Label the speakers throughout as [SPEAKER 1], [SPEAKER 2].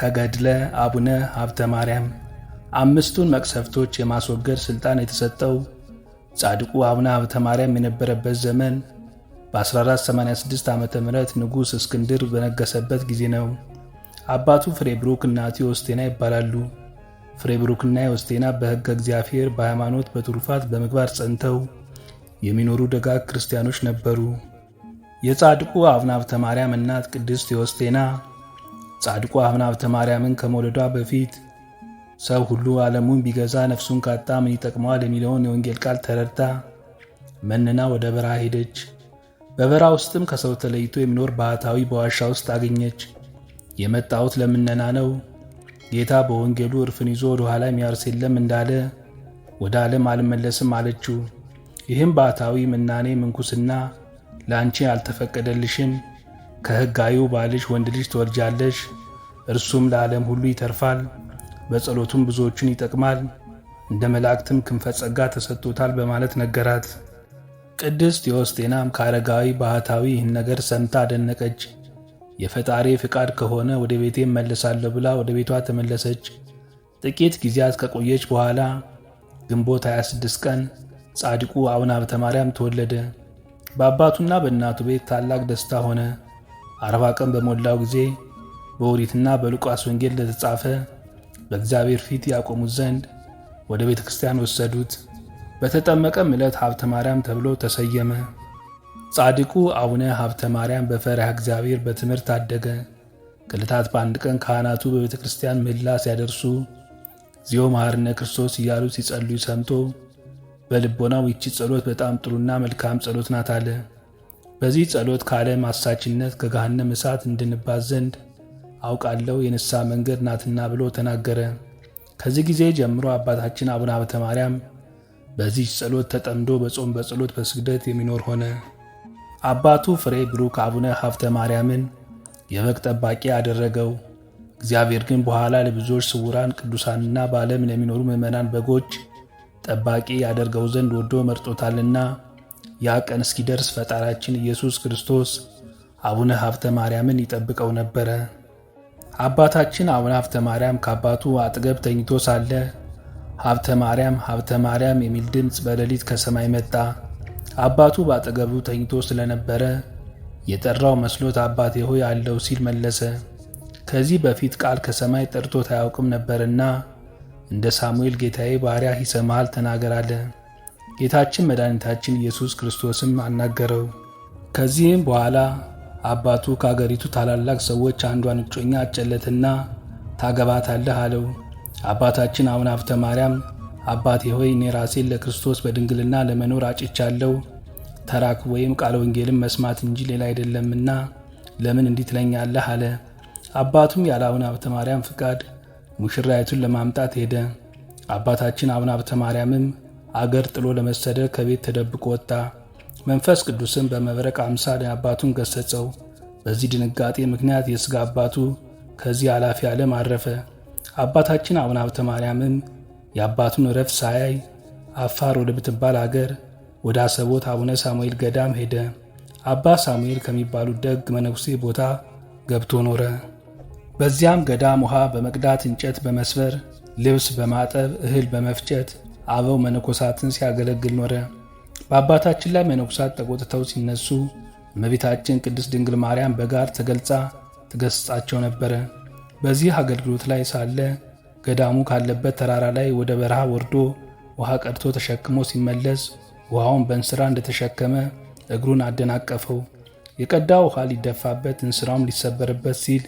[SPEAKER 1] ከገድለ አቡነ ሀብተ ማርያም አምስቱን መቅሰፍቶች የማስወገድ ሥልጣን የተሰጠው ጻድቁ አቡነ ሀብተ ማርያም የነበረበት ዘመን በ1486 ዓ ም ንጉሥ እስክንድር በነገሰበት ጊዜ ነው። አባቱ ፍሬብሩክ፣ እናቱ የወስቴና ይባላሉ። ፍሬብሩክና የወስቴና በሕገ እግዚአብሔር፣ በሃይማኖት፣ በትሩፋት፣ በምግባር ጸንተው የሚኖሩ ደጋግ ክርስቲያኖች ነበሩ። የጻድቁ አቡነ ሀብተ ማርያም እናት ቅድስት የወስቴና ጻድቋ አቡነ ሀብተ ማርያምን ከመውለዷ በፊት ሰው ሁሉ ዓለሙን ቢገዛ ነፍሱን ካጣ ምን ይጠቅመዋል የሚለውን የወንጌል ቃል ተረድታ መንና ወደ በረሃ ሄደች። በበረሃ ውስጥም ከሰው ተለይቶ የሚኖር ባህታዊ በዋሻ ውስጥ አገኘች። የመጣሁት ለምነና ነው፣ ጌታ በወንጌሉ እርፍን ይዞ ወደ ኋላ የሚያርስ የለም እንዳለ ወደ ዓለም አልመለስም አለችው። ይህም ባህታዊ ምናኔ ምንኩስና ለአንቺ አልተፈቀደልሽም ከሕጋዩ ባልሽ ወንድ ልጅ ትወልጃለሽ፣ እርሱም ለዓለም ሁሉ ይተርፋል፣ በጸሎቱም ብዙዎቹን ይጠቅማል፣ እንደ መላእክትም ክንፈ ጸጋ ተሰጥቶታል በማለት ነገራት። ቅድስት ዮስጤናም ከአረጋዊ ባህታዊ ይህን ነገር ሰምታ አደነቀች። የፈጣሪ ፍቃድ ከሆነ ወደ ቤቴ መለሳለሁ ብላ ወደ ቤቷ ተመለሰች። ጥቂት ጊዜያት ከቆየች በኋላ ግንቦት 26 ቀን ጻድቁ አቡነ ሀብተማርያም ማርያም ተወለደ። በአባቱና በእናቱ ቤት ታላቅ ደስታ ሆነ። አርባ ቀን በሞላው ጊዜ በኦሪትና በሉቃስ ወንጌል ለተጻፈ በእግዚአብሔር ፊት ያቆሙት ዘንድ ወደ ቤተ ክርስቲያን ወሰዱት። በተጠመቀም ዕለት ሀብተ ማርያም ተብሎ ተሰየመ። ጻድቁ አቡነ ሀብተ ማርያም በፈሪሃ እግዚአብሔር በትምህርት አደገ። ከዕለታት በአንድ ቀን ካህናቱ በቤተ ክርስቲያን ምህላ ሲያደርሱ ዚዮ መሐርነ ክርስቶስ እያሉ ሲጸልዩ ሰምቶ በልቦናው ይቺ ጸሎት በጣም ጥሩና መልካም ጸሎት ናት አለ። በዚህ ጸሎት ከዓለም አሳችነት ከገሃነም እሳት እንድንባት ዘንድ አውቃለሁ የንስሐ መንገድ ናትና ብሎ ተናገረ። ከዚህ ጊዜ ጀምሮ አባታችን አቡነ ሀብተ ማርያም በዚህ ጸሎት ተጠምዶ በጾም በጸሎት በስግደት የሚኖር ሆነ። አባቱ ፍሬ ብሩክ አቡነ ሀብተ ማርያምን የበግ ጠባቂ አደረገው። እግዚአብሔር ግን በኋላ ለብዙዎች ስውራን ቅዱሳንና በዓለም ለሚኖሩ ምዕመናን በጎች ጠባቂ ያደርገው ዘንድ ወዶ መርጦታልና ያ ቀን እስኪደርስ ፈጣሪያችን ኢየሱስ ክርስቶስ አቡነ ሀብተ ማርያምን ይጠብቀው ነበረ። አባታችን አቡነ ሀብተ ማርያም ከአባቱ አጠገብ ተኝቶ ሳለ ሀብተ ማርያም ሀብተ ማርያም የሚል ድምፅ በሌሊት ከሰማይ መጣ። አባቱ በአጠገቡ ተኝቶ ስለነበረ የጠራው መስሎት አባቴ ሆይ አለው ሲል መለሰ። ከዚህ በፊት ቃል ከሰማይ ጠርቶት አያውቅም ነበርና እንደ ሳሙኤል ጌታዬ ባሪያህ ይሰማሃል ተናገር አለ። ጌታችን መድኃኒታችን ኢየሱስ ክርስቶስም አናገረው። ከዚህም በኋላ አባቱ ከአገሪቱ ታላላቅ ሰዎች አንዷን እጮኛ አጨለትና ታገባታለህ አለው። አባታችን አቡነ ሀብተ ማርያም አባቴ ሆይ እኔ ራሴን ለክርስቶስ በድንግልና ለመኖር አጭቻለሁ። ተራክ ወይም ቃለ ወንጌልም መስማት እንጂ ሌላ አይደለምና ለምን እንዲህ ትለኛለህ አለ። አባቱም ያለ አቡነ ሀብተ ማርያም ፍቃድ ሙሽራይቱን ለማምጣት ሄደ። አባታችን አቡነ አብተ ማርያምም አገር ጥሎ ለመሰደድ ከቤት ተደብቆ ወጣ። መንፈስ ቅዱስም በመብረቅ አምሳል አባቱን ገሰጸው። በዚህ ድንጋጤ ምክንያት የሥጋ አባቱ ከዚህ ኃላፊ ዓለም አረፈ። አባታችን አቡነ ሀብተ ማርያምም የአባቱን ረፍት ሳያይ አፋር ምትባል አገር ወደ አሰቦት አቡነ ሳሙኤል ገዳም ሄደ። አባ ሳሙኤል ከሚባሉ ደግ መነኩሴ ቦታ ገብቶ ኖረ። በዚያም ገዳም ውሃ በመቅዳት እንጨት በመስበር ልብስ በማጠብ እህል በመፍጨት አበው መነኮሳትን ሲያገለግል ኖረ። በአባታችን ላይ መነኮሳት ተቆጥተው ሲነሱ እመቤታችን ቅድስት ድንግል ማርያም በጋር ተገልጻ ትገስጻቸው ነበረ። በዚህ አገልግሎት ላይ ሳለ ገዳሙ ካለበት ተራራ ላይ ወደ በረሃ ወርዶ ውሃ ቀድቶ ተሸክሞ ሲመለስ ውሃውን በእንስራ እንደተሸከመ እግሩን አደናቀፈው። የቀዳ ውሃ ሊደፋበት እንስራውም ሊሰበርበት ሲል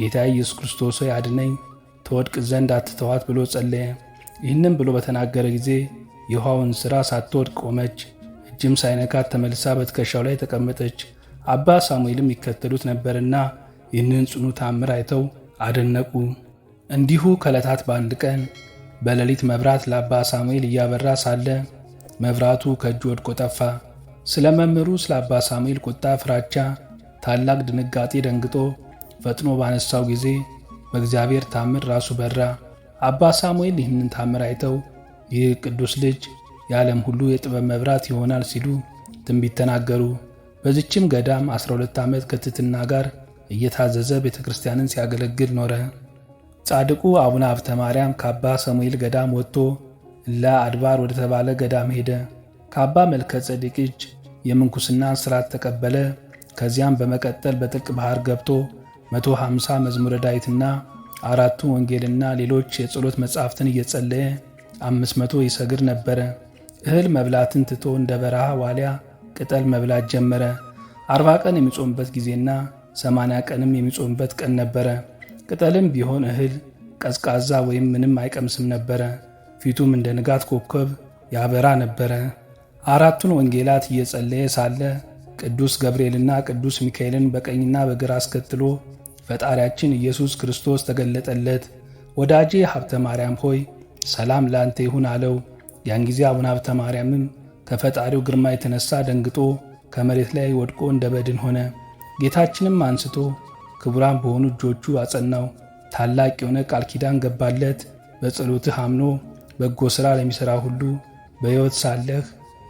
[SPEAKER 1] ጌታ ኢየሱስ ክርስቶስ አድነኝ፣ ተወድቅ ዘንድ አትተዋት ብሎ ጸለየ። ይህንም ብሎ በተናገረ ጊዜ የውሃውን ሥራ ሳትወድ ቆመች። እጅም ሳይነካት ተመልሳ በትከሻው ላይ ተቀመጠች። አባ ሳሙኤልም ይከተሉት ነበርና ይህንን ጽኑ ታምር አይተው አደነቁ። እንዲሁ ከዕለታት በአንድ ቀን በሌሊት መብራት ለአባ ሳሙኤል እያበራ ሳለ መብራቱ ከእጅ ወድቆ ጠፋ። ስለ መምህሩ ስለ አባ ሳሙኤል ቁጣ ፍራቻ ታላቅ ድንጋጤ ደንግጦ ፈጥኖ ባነሳው ጊዜ በእግዚአብሔር ታምር ራሱ በራ። አባ ሳሙኤል ይህንን ታምር አይተው ይህ ቅዱስ ልጅ የዓለም ሁሉ የጥበብ መብራት ይሆናል ሲሉ ትንቢት ተናገሩ። በዚችም ገዳም 12 ዓመት ከትትና ጋር እየታዘዘ ቤተ ክርስቲያንን ሲያገለግል ኖረ። ጻድቁ አቡነ ሀብተ ማርያም ከአባ ሳሙኤል ገዳም ወጥቶ እላ አድባር ወደ ተባለ ገዳም ሄደ። ከአባ መልከ ጸዲቅ እጅ የምንኩስና ስርዓት ተቀበለ። ከዚያም በመቀጠል በጥልቅ ባህር ገብቶ 150 መዝሙረ ዳዊትና አራቱ ወንጌልና ሌሎች የጸሎት መጻሕፍትን እየጸለየ አምስት መቶ ይሰግድ ነበረ። እህል መብላትን ትቶ እንደ በረሃ ዋሊያ ቅጠል መብላት ጀመረ። አርባ ቀን የሚጾምበት ጊዜና ሰማንያ ቀንም የሚጾምበት ቀን ነበረ። ቅጠልም ቢሆን እህል ቀዝቃዛ ወይም ምንም አይቀምስም ነበረ። ፊቱም እንደ ንጋት ኮከብ ያበራ ነበረ። አራቱን ወንጌላት እየጸለየ ሳለ ቅዱስ ገብርኤልና ቅዱስ ሚካኤልን በቀኝና በግራ አስከትሎ ፈጣሪያችን ኢየሱስ ክርስቶስ ተገለጠለት። ወዳጄ ሀብተ ማርያም ሆይ ሰላም ለአንተ ይሁን አለው። ያን ጊዜ አቡነ ሀብተ ማርያምም ከፈጣሪው ግርማ የተነሳ ደንግጦ ከመሬት ላይ ወድቆ እንደ በድን ሆነ። ጌታችንም አንስቶ ክቡራን በሆኑ እጆቹ አጸናው። ታላቅ የሆነ ቃል ኪዳን ገባለት። በጸሎትህ አምኖ በጎ ሥራ ለሚሠራ ሁሉ በሕይወት ሳለህ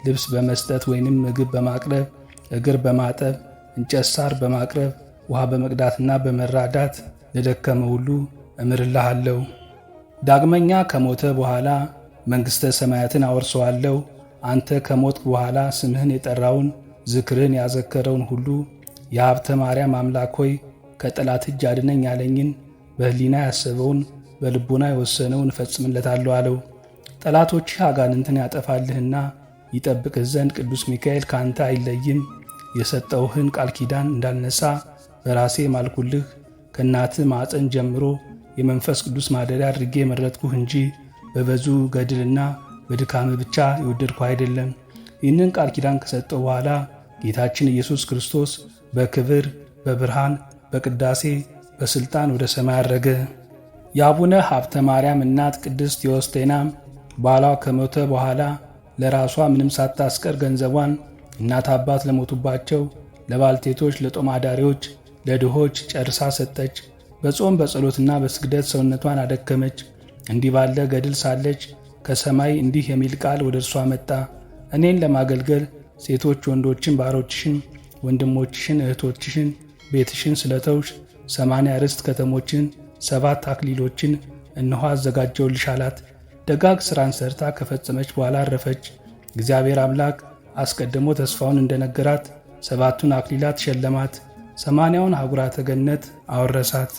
[SPEAKER 1] ልብስ በመስጠት ወይንም ምግብ በማቅረብ እግር በማጠብ እንጨት ሳር በማቅረብ ውሃ በመቅዳትና በመራዳት ለደከመ ሁሉ እምርልሃለሁ። ዳግመኛ ከሞተ በኋላ መንግሥተ ሰማያትን አወርሰዋለሁ። አንተ ከሞት በኋላ ስምህን የጠራውን ዝክርህን ያዘከረውን ሁሉ የሀብተ ማርያም አምላክ ሆይ ከጠላት እጅ አድነኝ ያለኝን በህሊና ያሰበውን በልቦና የወሰነውን እፈጽምለታለሁ አለው። ጠላቶችህ አጋንንትን ያጠፋልህና ይጠብቅህ ዘንድ ቅዱስ ሚካኤል ከአንተ አይለይም። የሰጠውህን ቃል ኪዳን እንዳልነሳ በራሴ ማልኩልህ ከእናት ማፀን ጀምሮ የመንፈስ ቅዱስ ማደሪያ አድርጌ የመረጥኩህ እንጂ በበዙ ገድልና በድካም ብቻ የወደድኩ አይደለም። ይህንን ቃል ኪዳን ከሰጠው በኋላ ጌታችን ኢየሱስ ክርስቶስ በክብር በብርሃን በቅዳሴ በስልጣን ወደ ሰማይ አረገ። የአቡነ ሀብተ ማርያም እናት ቅድስት ቴዎስቴናም ባሏ ከሞተ በኋላ ለራሷ ምንም ሳታስቀር ገንዘቧን እናት አባት ለሞቱባቸው ለባልቴቶች፣ ለጦም አዳሪዎች ለድሆች ጨርሳ ሰጠች። በጾም በጸሎትና በስግደት ሰውነቷን አደከመች። እንዲህ ባለ ገድል ሳለች ከሰማይ እንዲህ የሚል ቃል ወደ እርሷ መጣ። እኔን ለማገልገል ሴቶች ወንዶችን ባሮችሽን፣ ወንድሞችሽን፣ እህቶችሽን፣ ቤትሽን ስለተውሽ ሰማንያ ርስት ከተሞችን፣ ሰባት አክሊሎችን እነሆ አዘጋጀውልሽ አላት። ደጋግ ሥራን ሰርታ ከፈጸመች በኋላ አረፈች። እግዚአብሔር አምላክ አስቀድሞ ተስፋውን እንደነገራት ሰባቱን አክሊላት ሸለማት። ሰማንያውን አህጉራተ ገነት አወረሳት።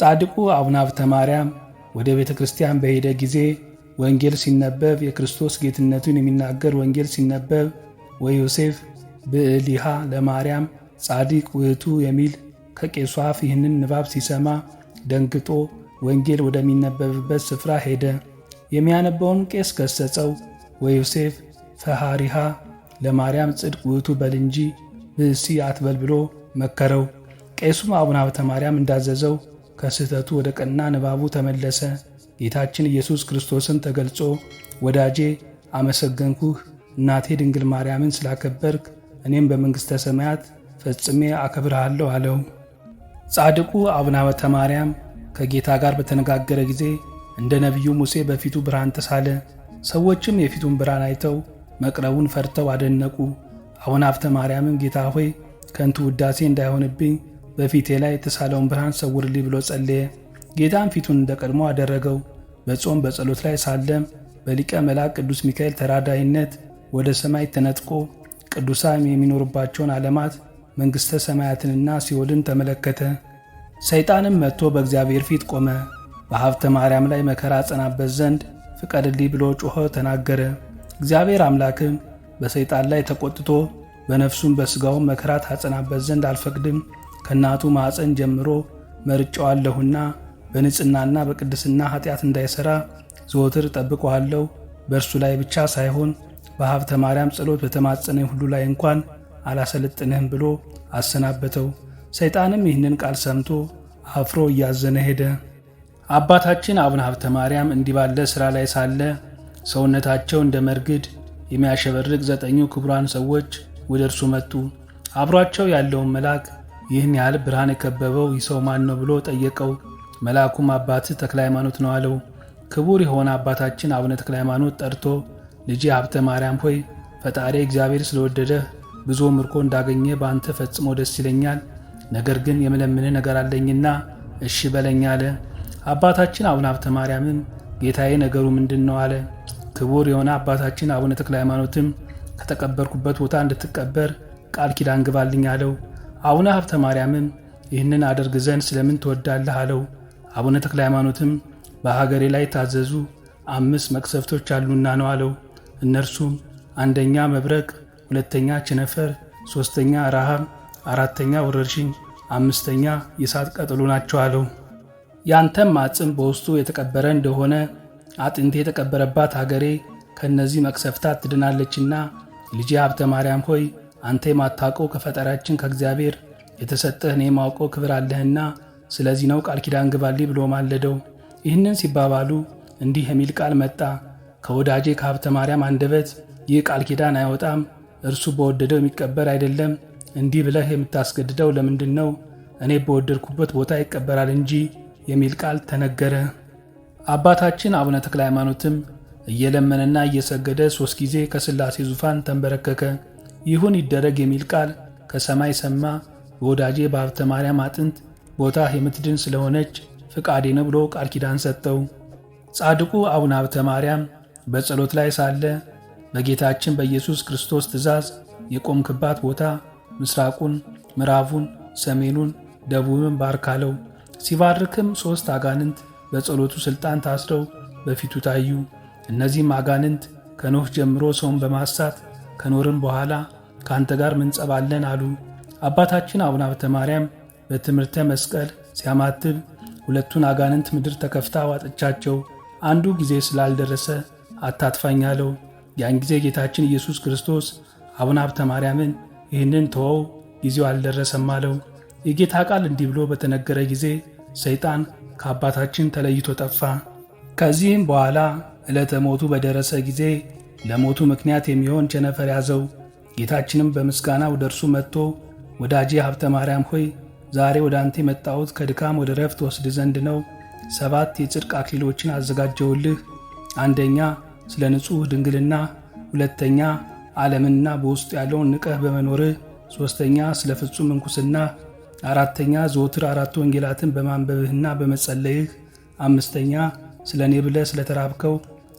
[SPEAKER 1] ጻድቁ አቡነ ሀብተ ማርያም ወደ ቤተ ክርስቲያን በሄደ ጊዜ ወንጌል ሲነበብ የክርስቶስ ጌትነቱን የሚናገር ወንጌል ሲነበብ ወዮሴፍ ብዕሊሃ ለማርያም ጻድቅ ውህቱ የሚል ከቄሱ አፍ ይህንን ንባብ ሲሰማ ደንግጦ ወንጌል ወደሚነበብበት ስፍራ ሄደ። የሚያነበውን ቄስ ገሰጸው። ወዮሴፍ ፈሃሪሃ ለማርያም ጽድቅ ውህቱ በል እንጂ ብእሲ አትበል ብሎ መከረው። ቄሱም አቡነ ሀብተ ማርያም እንዳዘዘው ከስህተቱ ወደ ቀና ንባቡ ተመለሰ። ጌታችን ኢየሱስ ክርስቶስን ተገልጾ ወዳጄ አመሰገንኩህ፣ እናቴ ድንግል ማርያምን ስላከበርክ እኔም በመንግሥተ ሰማያት ፈጽሜ አከብርሃለሁ አለው። ጻድቁ አቡነ ሀብተ ማርያም ከጌታ ጋር በተነጋገረ ጊዜ እንደ ነቢዩ ሙሴ በፊቱ ብርሃን ተሳለ። ሰዎችም የፊቱን ብርሃን አይተው መቅረቡን ፈርተው አደነቁ። አቡነ ሀብተ ማርያምም ጌታ ሆይ ከንቱ ውዳሴ እንዳይሆንብኝ በፊቴ ላይ የተሳለውን ብርሃን ሰውርልኝ ብሎ ጸለየ። ጌታም ፊቱን እንደ ቀድሞ አደረገው። በጾም በጸሎት ላይ ሳለም በሊቀ መልአክ ቅዱስ ሚካኤል ተራዳይነት ወደ ሰማይ ተነጥቆ ቅዱሳን የሚኖሩባቸውን ዓለማት መንግሥተ ሰማያትንና ሲኦልን ተመለከተ። ሰይጣንም መጥቶ በእግዚአብሔር ፊት ቆመ። በሀብተ ማርያም ላይ መከራ አጸናበት ዘንድ ፍቀድልኝ ብሎ ጮኸ፣ ተናገረ። እግዚአብሔር አምላክም በሰይጣን ላይ ተቆጥቶ በነፍሱም በሥጋውም መከራ ታጸናበት ዘንድ አልፈቅድም። ከእናቱ ማዕፀን ጀምሮ መርጨዋለሁና በንጽህናና በቅድስና ኃጢአት እንዳይሠራ ዘወትር ጠብቀዋለሁ። በእርሱ ላይ ብቻ ሳይሆን በሀብተ ማርያም ጸሎት በተማጸነ ሁሉ ላይ እንኳን አላሰለጥንህም ብሎ አሰናበተው። ሰይጣንም ይህንን ቃል ሰምቶ አፍሮ እያዘነ ሄደ። አባታችን አቡነ ሀብተ ማርያም እንዲህ ባለ ሥራ ላይ ሳለ ሰውነታቸው እንደ መርግድ የሚያሸበርቅ ዘጠኙ ክቡራን ሰዎች ወደ እርሱ መጡ። አብሯቸው ያለውን መልአክ ይህን ያህል ብርሃን የከበበው ይህ ሰው ማን ነው ብሎ ጠየቀው። መልአኩም አባት ተክለ ሃይማኖት ነው አለው። ክቡር የሆነ አባታችን አቡነ ተክለ ሃይማኖት ጠርቶ ልጄ ሀብተ ማርያም ሆይ ፈጣሪ እግዚአብሔር ስለወደደህ ብዙ ምርኮ እንዳገኘ በአንተ ፈጽሞ ደስ ይለኛል። ነገር ግን የምለምንህ ነገር አለኝና እሺ በለኝ አለ። አባታችን አቡነ ሀብተ ማርያምም ጌታዬ ነገሩ ምንድን ነው አለ። ክቡር የሆነ አባታችን አቡነ ተክለ ሃይማኖትም ከተቀበርኩበት ቦታ እንድትቀበር ቃል ኪዳን ግባልኝ አለው። አቡነ ሀብተ ማርያምም ይህንን አደርግ ዘንድ ስለምን ትወዳለህ አለው። አቡነ ተክለ ሃይማኖትም በሀገሬ ላይ ታዘዙ አምስት መቅሰፍቶች አሉና ነው አለው። እነርሱም አንደኛ መብረቅ፣ ሁለተኛ ቸነፈር፣ ሦስተኛ ረሃብ፣ አራተኛ ወረርሽኝ፣ አምስተኛ የእሳት ቃጠሎ ናቸው አለው። ያንተም አጽም በውስጡ የተቀበረ እንደሆነ አጥንቴ የተቀበረባት ሀገሬ ከእነዚህ መቅሰፍታት ትድናለችና ልጄ ሀብተ ማርያም ሆይ አንተ የማታውቀው ከፈጠራችን ከእግዚአብሔር እኔ የማውቀው ክብር አለህና ስለዚህ ነው ቃል ኪዳን ግባልኝ ብሎ ማለደው። ይህንን ሲባባሉ እንዲህ የሚል ቃል መጣ። ከወዳጄ ከሀብተ ማርያም አንደበት ይህ ቃል ኪዳን አይወጣም። እርሱ በወደደው የሚቀበር አይደለም። እንዲህ ብለህ የምታስገድደው ለምንድን ነው? እኔ በወደድኩበት ቦታ ይቀበራል እንጂ የሚል ቃል ተነገረ። አባታችን አቡነ ተክለ ሃይማኖትም እየለመነና እየሰገደ ሦስት ጊዜ ከሥላሴ ዙፋን ተንበረከከ። ይሁን ይደረግ የሚል ቃል ከሰማይ ሰማ። በወዳጄ በሀብተ ማርያም አጥንት ቦታ የምትድን ስለሆነች ፍቃዴ ነው ብሎ ቃል ኪዳን ሰጠው። ጻድቁ አቡነ ሀብተ ማርያም በጸሎት ላይ ሳለ በጌታችን በኢየሱስ ክርስቶስ ትእዛዝ የቆምክባት ቦታ ምስራቁን፣ ምዕራቡን፣ ሰሜኑን፣ ደቡብን ባርካለው። ሲባርክም ሦስት አጋንንት በጸሎቱ ሥልጣን ታስረው በፊቱ ታዩ። እነዚህም አጋንንት ከኖኅ ጀምሮ ሰውን በማሳት ከኖርም በኋላ ከአንተ ጋር ምንጸባለን አሉ። አባታችን አቡነ አብተ ማርያም በትምህርተ መስቀል ሲያማትብ ሁለቱን አጋንንት ምድር ተከፍታ ዋጥቻቸው አንዱ ጊዜ ስላልደረሰ አታጥፋኝ አለው። ያን ጊዜ ጌታችን ኢየሱስ ክርስቶስ አቡነ ሀብተ ማርያምን ይህንን ተወው፣ ጊዜው አልደረሰም አለው። የጌታ ቃል እንዲህ ብሎ በተነገረ ጊዜ ሰይጣን ከአባታችን ተለይቶ ጠፋ። ከዚህም በኋላ ዕለተ ሞቱ በደረሰ ጊዜ ለሞቱ ምክንያት የሚሆን ቸነፈር ያዘው። ጌታችንም በምስጋና ወደ እርሱ መጥቶ ወዳጄ ሀብተ ማርያም ሆይ ዛሬ ወደ አንተ የመጣሁት ከድካም ወደ ረፍት ወስድ ዘንድ ነው። ሰባት የጽድቅ አክሊሎችን አዘጋጀውልህ። አንደኛ ስለ ንጹሕ ድንግልና፣ ሁለተኛ ዓለምና በውስጡ ያለውን ንቀህ በመኖርህ፣ ሦስተኛ ስለ ፍጹም እንኩስና፣ አራተኛ ዘወትር አራት ወንጌላትን በማንበብህና በመጸለይህ፣ አምስተኛ ስለ እኔ ብለህ ተራብከው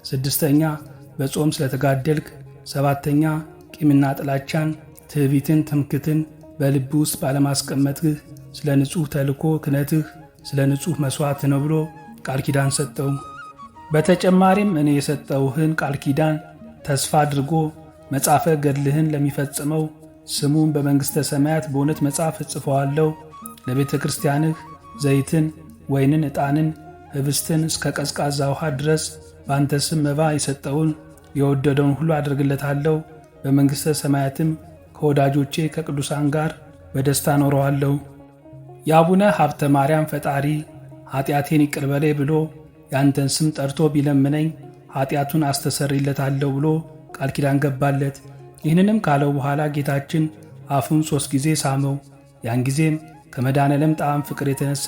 [SPEAKER 1] ስድስተኛ በጾም ስለተጋደልክ፣ ሰባተኛ ቂምና ጥላቻን፣ ትዕቢትን፣ ትምክትን በልብ ውስጥ ባለማስቀመጥህ ስለ ንጹሕ ተልኮ ክነትህ ስለ ንጹሕ መሥዋዕት ነው ብሎ ቃል ኪዳን ሰጠው። በተጨማሪም እኔ የሰጠውህን ቃል ኪዳን ተስፋ አድርጎ መጻፈ ገድልህን ለሚፈጽመው ስሙን በመንግሥተ ሰማያት በእውነት መጽሐፍ እጽፈዋለሁ። ለቤተ ክርስቲያንህ ዘይትን፣ ወይንን፣ ዕጣንን፣ ህብስትን እስከ ቀዝቃዛ ውሃ ድረስ በአንተ ስም መባ የሰጠውን የወደደውን ሁሉ አድርግለታለሁ። በመንግሥተ ሰማያትም ከወዳጆቼ ከቅዱሳን ጋር በደስታ ኖረዋለሁ። የአቡነ ሀብተ ማርያም ፈጣሪ ኃጢአቴን ይቅርበሌ ብሎ የአንተን ስም ጠርቶ ቢለምነኝ ኃጢአቱን አስተሰሪለታለሁ ብሎ ቃል ኪዳን ገባለት። ይህንንም ካለው በኋላ ጌታችን አፉን ሦስት ጊዜ ሳመው። ያን ጊዜም ከመድኃኔዓለም ጣዕም ፍቅር የተነሳ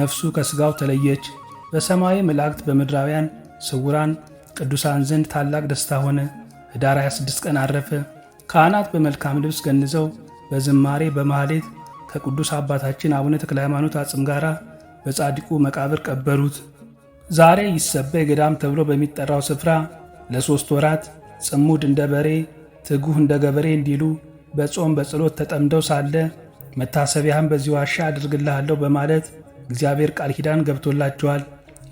[SPEAKER 1] ነፍሱ ከሥጋው ተለየች። በሰማያዊ መላእክት በምድራውያን ስውራን ቅዱሳን ዘንድ ታላቅ ደስታ ሆነ። ኅዳር 26 ቀን አረፈ። ካህናት በመልካም ልብስ ገንዘው በዝማሬ በማህሌት ከቅዱስ አባታችን አቡነ ተክለ ሃይማኖት አጽም ጋር በጻድቁ መቃብር ቀበሩት። ዛሬ ይሰበይ ገዳም ተብሎ በሚጠራው ስፍራ ለሦስት ወራት ጽሙድ እንደ በሬ ትጉህ እንደ ገበሬ እንዲሉ በጾም በጸሎት ተጠምደው ሳለ መታሰቢያህም በዚህ ዋሻ አድርግልሃለሁ በማለት እግዚአብሔር ቃል ኪዳን ገብቶላቸዋል።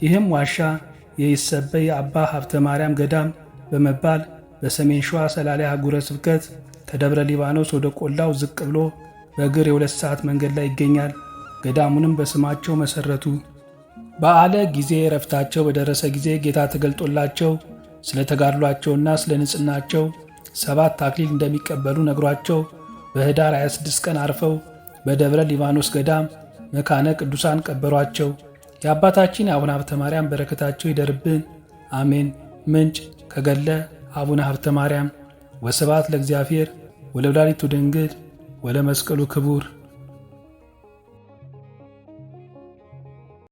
[SPEAKER 1] ይህም ዋሻ የይሰበይ አባ ሀብተ ማርያም ገዳም በመባል በሰሜን ሸዋ ሰላሌ አህጉረ ስብከት ከደብረ ሊባኖስ ወደ ቆላው ዝቅ ብሎ በእግር የሁለት ሰዓት መንገድ ላይ ይገኛል። ገዳሙንም በስማቸው መሠረቱ። በዓለ ጊዜ ረፍታቸው በደረሰ ጊዜ ጌታ ተገልጦላቸው ስለ ተጋድሏቸውና ስለ ንጽህናቸው ሰባት አክሊል እንደሚቀበሉ ነግሯቸው በኅዳር 26 ቀን አርፈው በደብረ ሊባኖስ ገዳም መካነ ቅዱሳን ቀበሯቸው። የአባታችን የአቡነ ሀብተ ማርያም በረከታቸው ይደርብን፣ አሜን። ምንጭ ከገለ አቡነ ሀብተ ማርያም። ወስብሐት ለእግዚአብሔር ወለወላዲቱ ድንግል ወለመስቀሉ ክቡር